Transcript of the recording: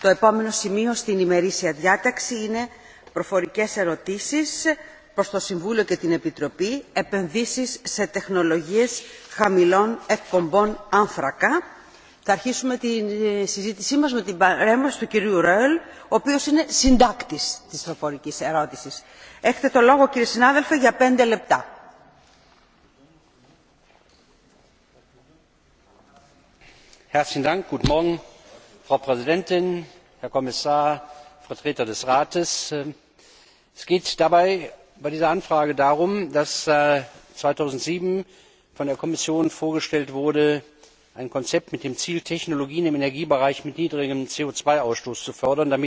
Το επόμενο σημείο στην ημερήσια διάταξη είναι προφορικές ερωτήσεις προς το Συμβούλιο και την Επιτροπή επενδύσεις σε τεχνολογίες χαμηλών εκπομπών άνθρακα. Θα αρχίσουμε τη ε, συζήτησή μας με την παρέμβαση του κυρίου Ρέλ, ο οποίος είναι συντάκτης της προφορικής ερώτησης. Έχετε το λόγο κύριε συνάδελφε για πέντε λεπτά. Herzlichen Dank, guten frau präsidentin herr kommissar vertreter des rates! es geht bei dieser anfrage darum dass zweitausendsieben von der kommission vorgestellt wurde ein konzept mit dem ziel technologien im energiebereich mit niedrigem co zwei ausstoß zu fördern.